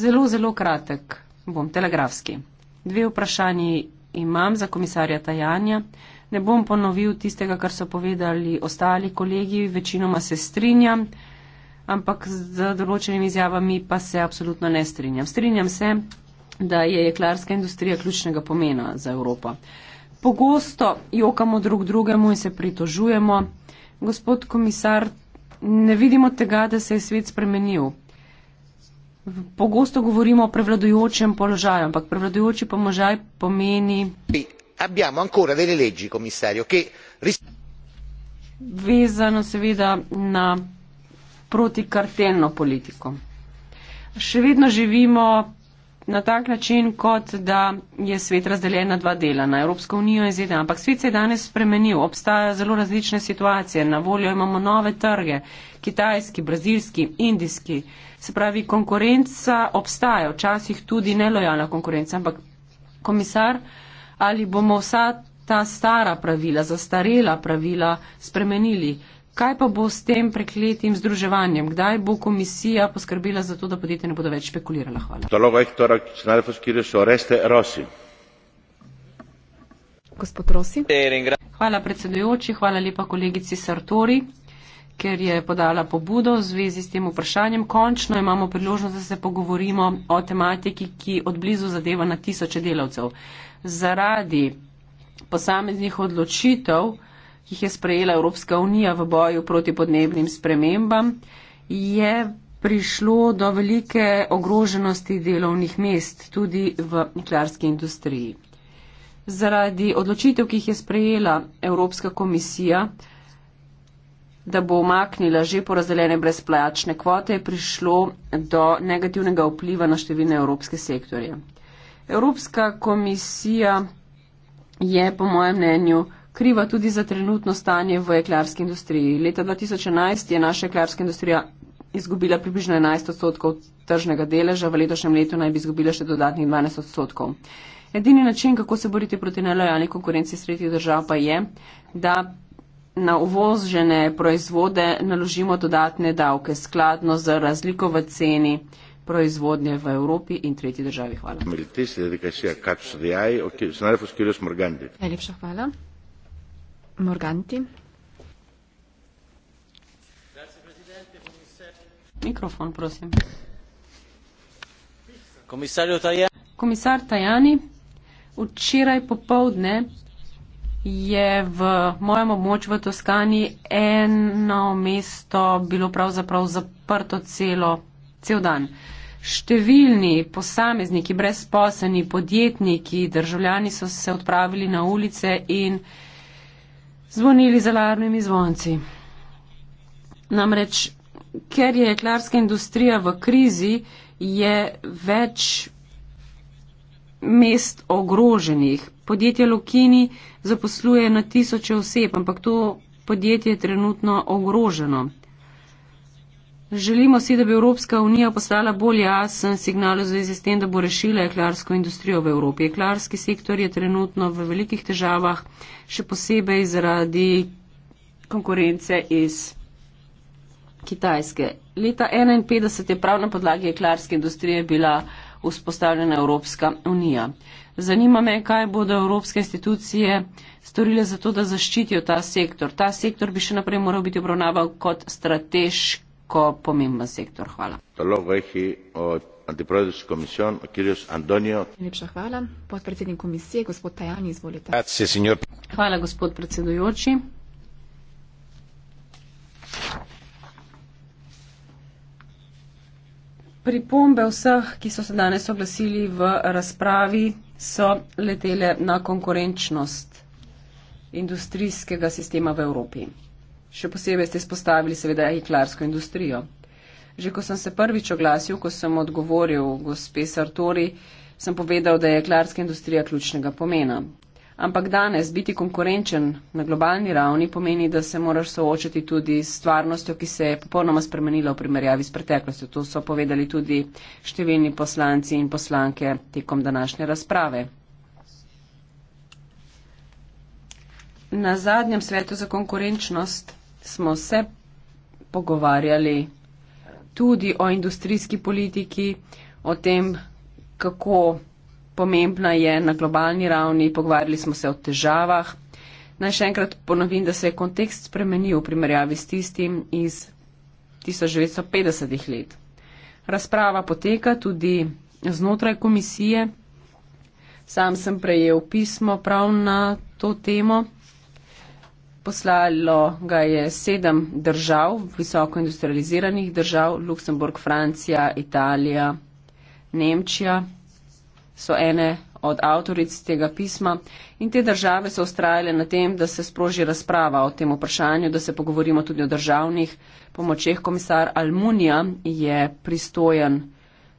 zelo zelo kratek bom telegrafski dve vprašanji imam za komisarja tajanja ne bom ponovil tistega kar so povedali ostali kolegi večinoma se strinjam ampak z določenimi izjavami pa se absolutno ne strinjam strinjam se da je jeklarska industrija ključnega pomena za Evropo. Pogosto jokamo drug drugemu in se pritožujemo. Gospod komisar, ne vidimo tega, da se je svet spremenil. Pogosto govorimo o prevladujočem položaju, ampak prevladujoči položaj pomeni. Abbiamo ancora delle leggi, commissario, che. Vezano seveda na protikartelno politiko. Še vedno živimo na tak način, kot da je svet razdeljen na dva dela, na Evropsko unijo in ZDA. Ampak svet se je danes spremenil, obstajajo zelo različne situacije, na voljo imamo nove trge, kitajski, brazilski, indijski. Se pravi, konkurenca obstaja, včasih tudi nelojalna konkurenca. Ampak komisar, ali bomo vsa ta stara pravila, zastarela pravila spremenili? Kaj pa bo s tem prekletim združevanjem? Kdaj bo komisija poskrbila za to, da podjetja ne bodo več špekulirala? Hvala. Hvala predsedujoči, hvala lepa kolegici Sartori, ker je podala pobudo v zvezi s tem vprašanjem. Končno imamo priložnost, da se pogovorimo o tematiki, ki odblizu zadeva na tisoče delavcev. Zaradi posameznih odločitev, ki jih je sprejela Evropska unija v boju proti podnebnim spremembam, je prišlo do velike ogroženosti delovnih mest tudi v nuklearski industriji. Zaradi odločitev, ki jih je sprejela Evropska komisija, da bo omaknila že porazdeljene brezplačne kvote, je prišlo do negativnega vpliva na številne evropske sektorje. Evropska komisija je, po mojem mnenju, kriva tudi za trenutno stanje v jeklarski industriji. Leta 2011 je naša jeklarska industrija izgubila približno 11 odstotkov tržnega deleža, v letošnjem letu naj bi izgubila še dodatnih 12 odstotkov. Edini način, kako se boriti proti nelojalni konkurenci srednjih držav, pa je, da na uvožene proizvode naložimo dodatne davke skladno z razliko v ceni proizvodnje v Evropi in tretji državi. Hvala. Najlepša hvala. Morganti. Mikrofon, prosim. Komisar Tajani, včeraj popovdne je v mojem območju v Toskani eno mesto bilo pravzaprav zaprto celo, cel dan. Številni posamezniki, brezposeni, podjetniki, državljani so se odpravili na ulice in zvonili z alarmnimi zvonci. Namreč, ker je jeklarska industrija v krizi, je več mest ogroženih. Podjetje Lokini zaposluje na tisoče oseb, ampak to podjetje je trenutno ogroženo. Želimo si, da bi Evropska unija poslala bolj jasen signal v zvezi s tem, da bo rešila jeklarsko industrijo v Evropi. Jeklarski sektor je trenutno v velikih težavah, še posebej zaradi konkurence iz Kitajske. Leta 1951 je prav na podlagi jeklarske industrije bila vzpostavljena Evropska unija. Zanima me, kaj bodo evropske institucije storile za to, da zaščitijo ta sektor. Ta sektor bi še naprej moral biti obravnavan kot strateški tako pomemben sektor. Hvala. Najlepša hvala. Podpredsednik komisije, gospod Tajani, izvolite. Hvala, gospod predsedujoči. Pripombe vseh, ki so se danes oglasili v razpravi, so letele na konkurenčnost industrijskega sistema v Evropi. Še posebej ste spostavili seveda jeklarsko industrijo. Že ko sem se prvič oglasil, ko sem odgovoril gospe Sartori, sem povedal, da je jeklarska industrija ključnega pomena. Ampak danes biti konkurenčen na globalni ravni pomeni, da se moraš soočiti tudi s stvarnostjo, ki se je popolnoma spremenila v primerjavi s preteklostjo. To so povedali tudi številni poslanci in poslanke tekom današnje razprave. Na zadnjem svetu za konkurenčnost smo se pogovarjali tudi o industrijski politiki, o tem, kako pomembna je na globalni ravni, pogovarjali smo se o težavah. Naj še enkrat ponovim, da se je kontekst spremenil v primerjavi s tistim iz 1950 let. Razprava poteka tudi znotraj komisije. Sam sem prejel pismo prav na to temo. Poslalo ga je sedem držav, visoko industrializiranih držav, Luksemburg, Francija, Italija, Nemčija so ene od avtoric tega pisma in te države so ustrajale na tem, da se sproži razprava o tem vprašanju, da se pogovorimo tudi o državnih pomočeh. Komisar Almunija je pristojen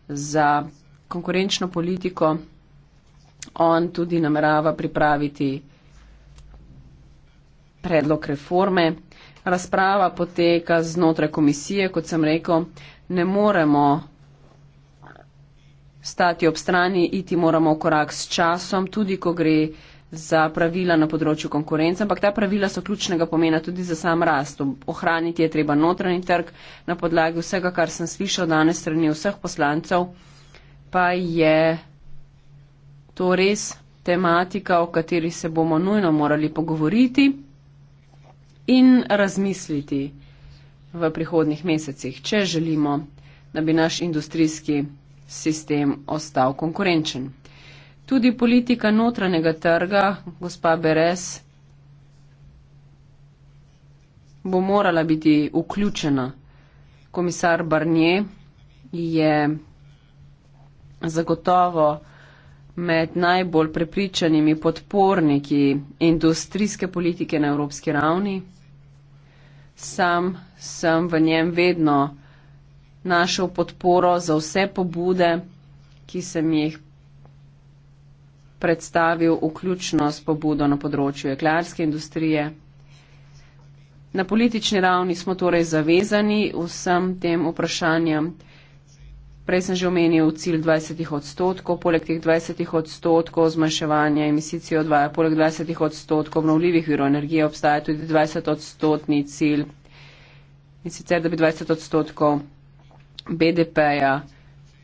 za konkurenčno politiko. On tudi namerava pripraviti predlog reforme. Razprava poteka znotraj komisije, kot sem rekel, ne moremo stati ob strani, iti moramo v korak s časom, tudi ko gre za pravila na področju konkurence, ampak ta pravila so ključnega pomena tudi za sam rast. Ohraniti je treba notranji trg na podlagi vsega, kar sem slišal danes strani vseh poslancev, pa je to res tematika, o kateri se bomo nujno morali pogovoriti in razmisliti v prihodnih mesecih, če želimo, da bi naš industrijski sistem ostal konkurenčen. Tudi politika notranjega trga, gospa Beres, bo morala biti vključena. Komisar Barnier je zagotovo Med najbolj prepričanimi podporniki industrijske politike na evropski ravni. Sam sem v njem vedno našel podporo za vse pobude, ki sem jih predstavil, vključno s pobudo na področju jeklarske industrije. Na politični ravni smo torej zavezani vsem tem vprašanjem prej sem že omenil cilj 20 odstotkov, poleg teh 20 odstotkov zmanjševanja emisij CO2, poleg 20 odstotkov obnovljivih virov energije obstaja tudi 20 odstotni cilj. In sicer, da bi 20 odstotkov BDP-ja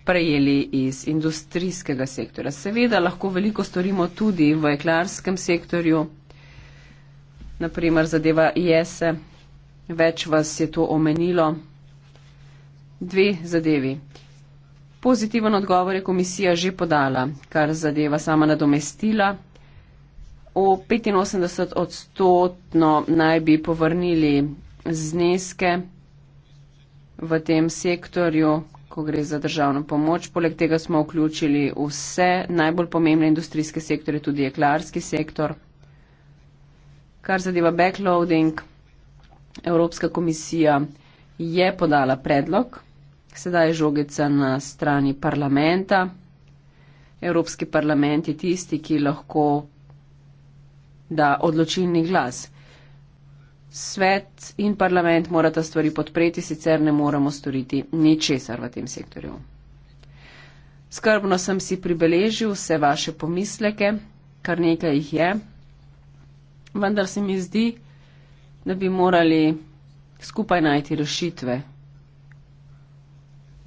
prejeli iz industrijskega sektora. Seveda lahko veliko storimo tudi v eklarskem sektorju, naprimer zadeva IS-e, več vas je to omenilo. Dve zadevi. Pozitiven odgovor je komisija že podala, kar zadeva sama nadomestila. O 85 odstotno naj bi povrnili zneske v tem sektorju, ko gre za državno pomoč. Poleg tega smo vključili vse najbolj pomembne industrijske sektore, tudi jeklarski sektor. Kar zadeva backloading, Evropska komisija je podala predlog Sedaj je žogica na strani parlamenta. Evropski parlament je tisti, ki lahko da odločilni glas. Svet in parlament morata stvari podpreti, sicer ne moremo storiti ničesar v tem sektorju. Skrbno sem si pribeležil vse vaše pomisleke, kar nekaj jih je, vendar se mi zdi, da bi morali skupaj najti rešitve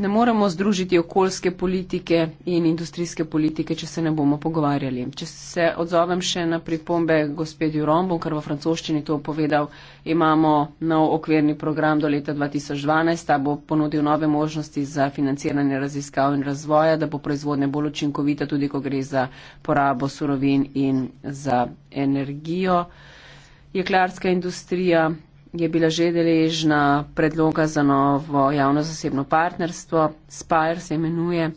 ne moremo združiti okoljske politike in industrijske politike, če se ne bomo pogovarjali. Če se odzovem še na pripombe gospodju Rombu, kar v francoščini to povedal, imamo nov okvirni program do leta 2012, ta bo ponudil nove možnosti za financiranje raziskav in razvoja, da bo proizvodnja bolj učinkovita, tudi ko gre za porabo surovin in za energijo. Jeklarska industrija je bila že deležna predloga za novo javno-zasebno partnerstvo, Spire se imenuje.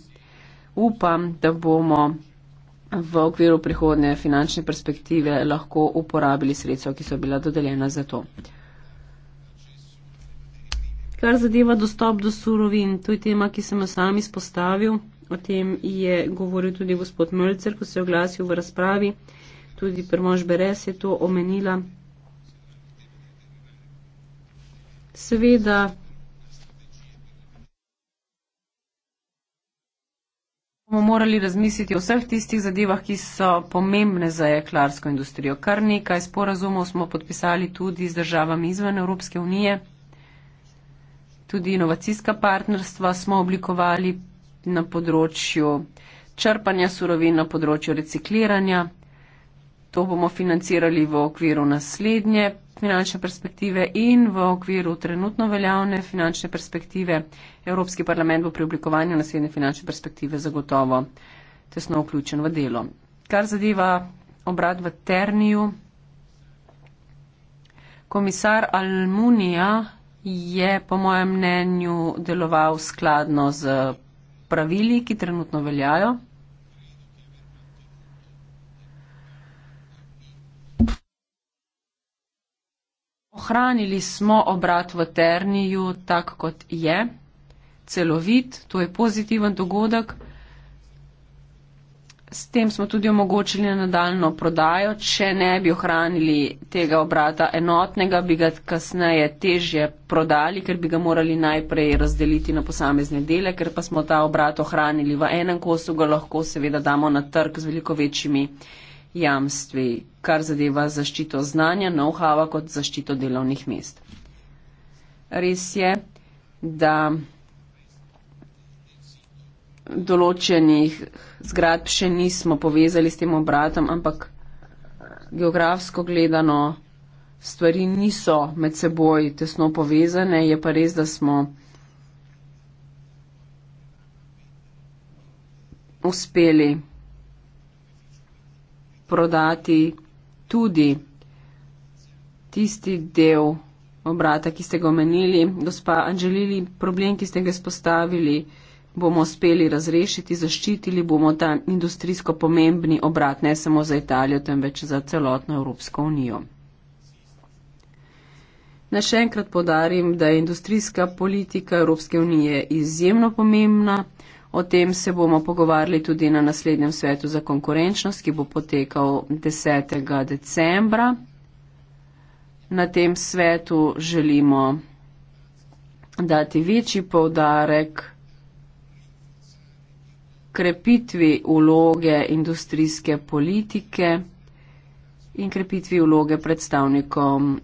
Upam, da bomo v okviru prihodne finančne perspektive lahko uporabili sredstva, ki so bila dodeljena za to. Kar zadeva dostop do surovin, to je tema, ki sem jo sam izpostavil, o tem je govoril tudi gospod Mölcer, ko se je oglasil v razpravi, tudi Prmož Beres je to omenila. seveda. bomo morali razmisliti o vseh tistih zadevah, ki so pomembne za jeklarsko industrijo. Kar nekaj sporazumov smo podpisali tudi z državami izven Evropske unije. Tudi inovacijska partnerstva smo oblikovali na področju črpanja surovin, na področju recikliranja. To bomo financirali v okviru naslednje finančne perspektive in v okviru trenutno veljavne finančne perspektive. Evropski parlament bo pri oblikovanju naslednje finančne perspektive zagotovo tesno vključen v delo. Kar zadeva obrat v Terniju, komisar Almunija je po mojem mnenju deloval skladno z pravili, ki trenutno veljajo. Ohranili smo obrat v Terniju tak, kot je, celovit, to je pozitiven dogodek. S tem smo tudi omogočili nadaljno prodajo. Če ne bi ohranili tega obrata enotnega, bi ga kasneje težje prodali, ker bi ga morali najprej razdeliti na posamezne dele, ker pa smo ta obrat ohranili v enem kosu, ga lahko seveda damo na trg z veliko večjimi. Uh, jamstvi, kar zadeva zaščito znanja, know-howa kot zaščito delovnih mest. Res je, da določenih zgradb še nismo povezali s tem obratom, ampak geografsko gledano stvari niso med seboj tesno povezane. Je pa res, da smo uspeli prodati tudi tisti del obrata, ki ste ga omenili. Gospa Anželili, problem, ki ste ga spostavili, bomo uspeli razrešiti, zaščitili bomo ta industrijsko pomembni obrat, ne samo za Italijo, temveč za celotno Evropsko unijo. Na še enkrat podarim, da je industrijska politika Evropske unije izjemno pomembna. O tem se bomo pogovarjali tudi na naslednjem svetu za konkurenčnost, ki bo potekal 10. decembra. Na tem svetu želimo dati večji povdarek krepitvi uloge industrijske politike in krepitvi uloge predstavnikom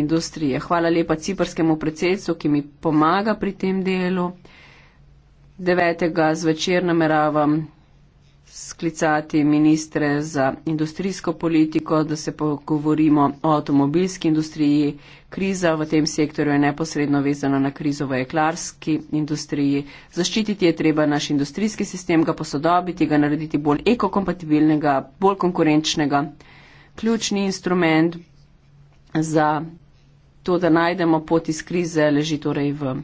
industrije. Hvala lepa ciprskemu predsedstvu, ki mi pomaga pri tem delu devetega zvečer nameravam sklicati ministre za industrijsko politiko, da se pogovorimo o avtomobilski industriji. Kriza v tem sektorju je neposredno vezana na krizo v eklarski industriji. Zaščititi je treba naš industrijski sistem, ga posodobiti, ga narediti bolj ekokompatibilnega, bolj konkurenčnega. Ključni instrument za to, da najdemo pot iz krize, leži torej v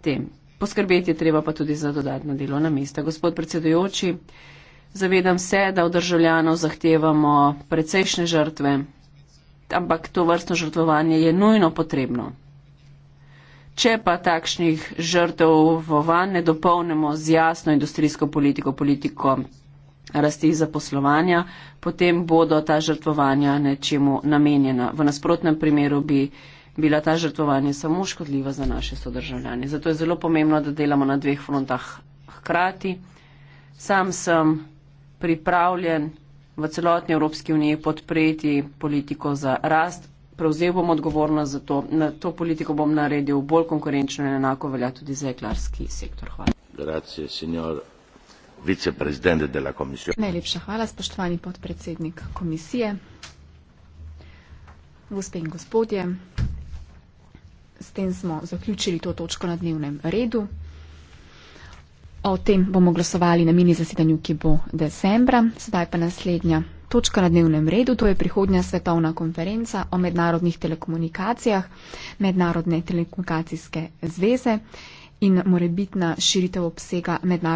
tem Poskrbeti je treba pa tudi za dodatna delovna mesta. Gospod predsedujoči, zavedam se, da od državljanov zahtevamo precejšne žrtve, ampak to vrstno žrtvovanje je nujno potrebno. Če pa takšnih žrtev vovan ne dopolnimo z jasno industrijsko politiko, politiko rasti za poslovanja, potem bodo ta žrtvovanja nečemu namenjena. V nasprotnem primeru bi bila ta žrtvovanja samo škodljiva za naše sodržavljanje. Zato je zelo pomembno, da delamo na dveh frontah hkrati. Sam sem pripravljen v celotni Evropski uniji podpreti politiko za rast. Prevzel bom odgovornost za to. Na to politiko bom naredil bolj konkurenčno in enako velja tudi za jeklarski sektor. Hvala. Grazie, Viceprezident dela komisije. Najlepša hvala, spoštovani podpredsednik komisije. Gospe in gospodje, S tem smo zaključili to točko na dnevnem redu. O tem bomo glasovali na mini zasedanju, ki bo decembra. Sedaj pa naslednja točka na dnevnem redu, to je prihodnja svetovna konferenca o mednarodnih telekomunikacijah, mednarodne telekomunikacijske zveze in morebitna širitev obsega mednarodnih.